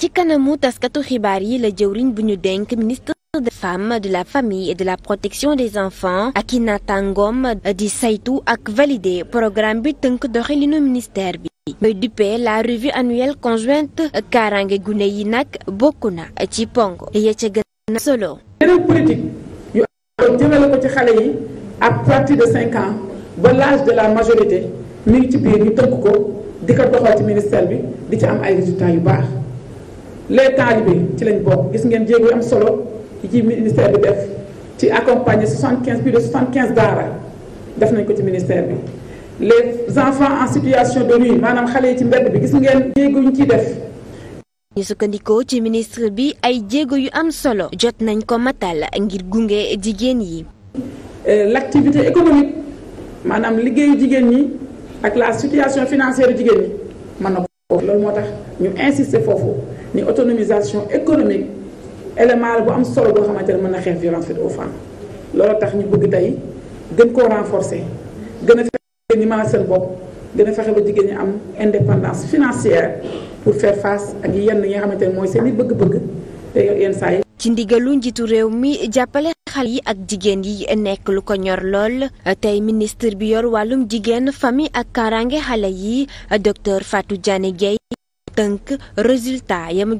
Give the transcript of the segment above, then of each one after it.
ci kanamu taskatu xibaar yi la jëwriñ bu ñu dénk ministre des femmes de la famille et de la protection des enfants ak i naataangoom di saytu ak valider programme bi tënk doxalinu ministère bi bay duppee la revue annuelle conjointe kaaraange gune yi nag bokk na ci pong ya ca solo yeneen politique yu am jëmale ko ci xale yi à partir de cinq ans ba l'âge de la majorité mi ngi ci biir ñu tënk ko di doxal ci ministère bi di ci am ay résultats yu les talibés ci lañ bokk gis ngeen jéego am solo yi ci ministère bi def ci accompagner 75 plus de quinze daara def nañ ko ci ministère bi. les enfants en situation de rue maanaam xale yi ci mbedd bi gis ngeen jéego ñu ciy def. ñu sukkandikoo ci ministre bi ay jéego yu am solo jot nañ ko matal ngir gunge jigéen yi. Euh, l' activité économique maanaam liggéeyu jigéen ñi ak la situation financière jigéen ñi mën na ko loolu moo tax ñu insister foofu. ni autonomisation économique élément bu am solo boo xamante ne mën na xeex violence faite aux femmes loolu tax ñu bëgg tey gën koo renforcer gën a fexe ni jigéen ñi am indépendance financière pour faire face ak yenn yi xamante ne mooy seen bëgg-bëgg te yenn saa ci ndigalu njiitu réew mi jàppale xale yi ak jigéen yi nekk lu ko ñor lool tey ministre bi yor wàllum jigéen famille ak kaaraange xale yi docteur Fatou Diané Guèye tënk résultat ya mu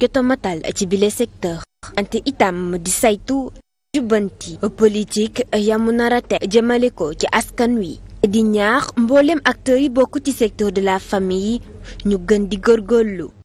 ci bile secteur ante itam di saytu jubbanti politique ya mu nar teg jëmale ko ci askan wi di ñaax mboolem acteurs yi bokk ci secteur de la famille ñu gën di góorgóorlu